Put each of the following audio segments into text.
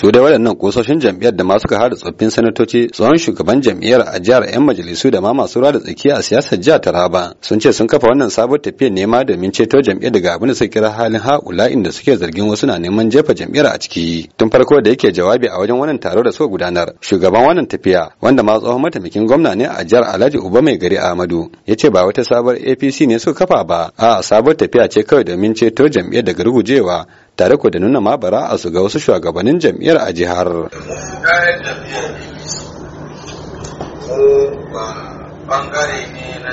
su da waɗannan kusoshin jam'iyyar da masu hada tsoffin sanatoci tsohon shugaban jam'iyyar a jihar 'yan majalisu da ma masu da tsakiya a siyasar jihar taraba sun ce sun kafa wannan sabon tafiyar nema domin ceto jam'iyyar daga abin da suka kira halin ha'ula inda suke zargin wasu na neman jefa jam'iyyar a ciki tun farko da yake jawabi a wajen wannan taro da suka gudanar shugaban wannan tafiya wanda ma tsohon mataimakin gwamna ne a jihar alhaji uba mai gari ahmadu ya ce ba wata sabuwar apc ne suka kafa ba a sabuwar tafiya ce kawai domin ceto jam'iyyar daga rugujewa tare ku da nuna ma bara a su ga wasu shugabannin jam'iyyar a jihar bangare ne na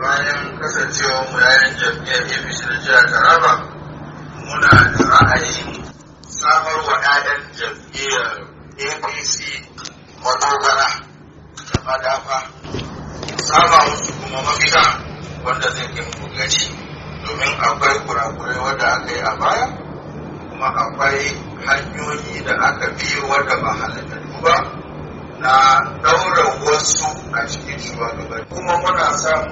bayan kasancewa mu yayin jam'iyyar apc na jihar taraba muna da ra'ayin saba musu kuma mafita wanda zai kai muku gaci domin akwai kurakurai wanda aka yi a baya kuma akwai hanyoyi da aka biyo wanda ba halittattu ba na daura wasu a cikin shugabanni kuma muna son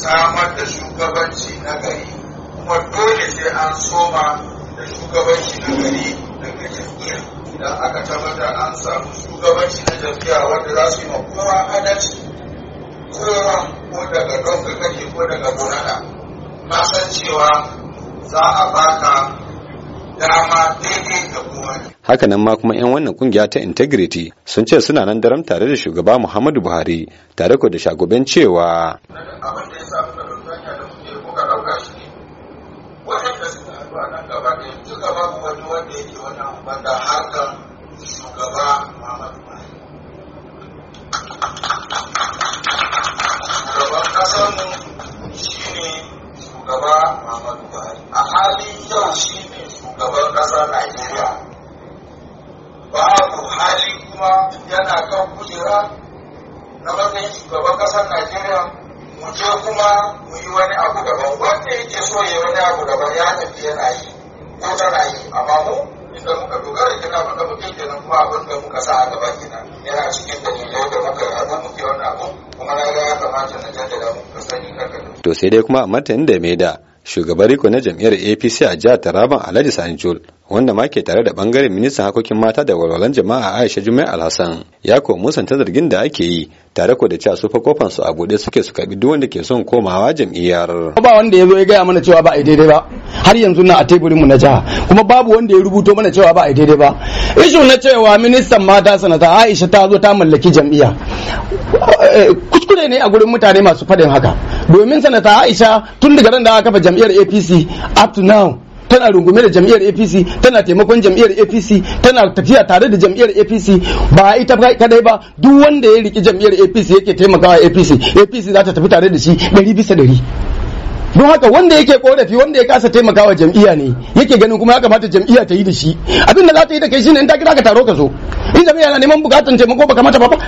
samar da shugabanci na gari kuma dole sai an soma da shugabanci na gari daga jam'iyya idan aka tabbatar an samu shugabanci na jam'iyya wanda za su yi ma kowa adalci cewa ko daga ɗaukar kake ko daga gonaka na san cewa za a baka dama daidai da kowa hakanan ma kuma 'yan wannan kungiya ta integrity sun ce suna nan daram tare da shugaba muhammadu buhari tare ko da shagoben cewa abin da ya sa muka ɗauka da muke muka ɗauka shi ne waɗanda suka haɗu a nan gaba kuma duka babu wani wanda yake wani banda harkar shugaba shugaba Muhammadu Buhari a halin yau shi ne shugaban ƙasar Najeriya babu hali kuma yana kan kujera na matsayin shugaban ƙasar Najeriya mu je kuma mu yi wani abu daban wanda yake so ya wani abu daban ya tafi yana yi ko tana yi amma mu inda muka dogara kina abin da muke kenan kuma abin da muka sa a gaba kenan yana cikin dalilai da muka yi abin muke wani abu kuma na ga ya kamata na jaddada To sai dai kuma a martanin da mai da shugaban riko na jam'iyyar APC a jihar Taraban Alhaji Sanjul wanda ma ke tare da bangaren ministan harkokin mata da walwalan jama'a Aisha Jumai Alhassan ya ko musanta zargin da ake yi tare ko da cewa su fa kofan su a bude suke su karbi duk wanda ke son komawa jam'iyyar ba wanda ya zo ya gaya mana cewa ba a daidai ba har yanzu na a teburin mu na jiha kuma babu wanda ya rubuto mana cewa ba a daidai ba ishu na cewa ministan mata sanata Aisha ta zo ta mallaki jam'iyya eh, kuskure ne a gurin mutane masu faɗin haka domin sanata Aisha tun daga ran da aka kafa jam'iyyar APC up to now tana rungume da jam'iyyar APC tana taimakon jam'iyyar APC tana tafiya tare da jam'iyyar APC ba ita kadai ba duk wanda ya riki jam'iyyar APC yake taimakawa APC APC za ta tafi tare da shi ɗari bisa ɗari don haka wanda yake korafi wanda ya kasa taimakawa jam'iyya ne yake ganin kuma ya kamata jam'iyya ta yi da shi abin da za ta yi da kai shine in ta kira ka taro ka zo in jam'iyya na neman bukatan taimako ba kamata ba ba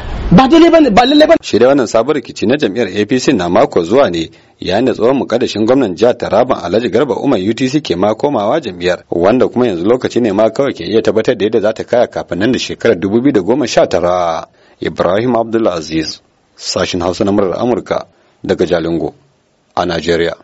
daidai bane ba lalle bane shi wannan sabon rikici na jam'iyyar APC na mako zuwa ne yayin da tsohon mukaddashin gwamnan jihar Taraban Alhaji Garba Umar UTC ke ma komawa jam'iyyar wanda kuma yanzu lokaci ne ma kawai ke iya tabbatar da yadda za ta kaya kafin nan da shekarar 2019 Ibrahim Abdulaziz sashin Hausa na murar Amurka daga Jalingo a Najeriya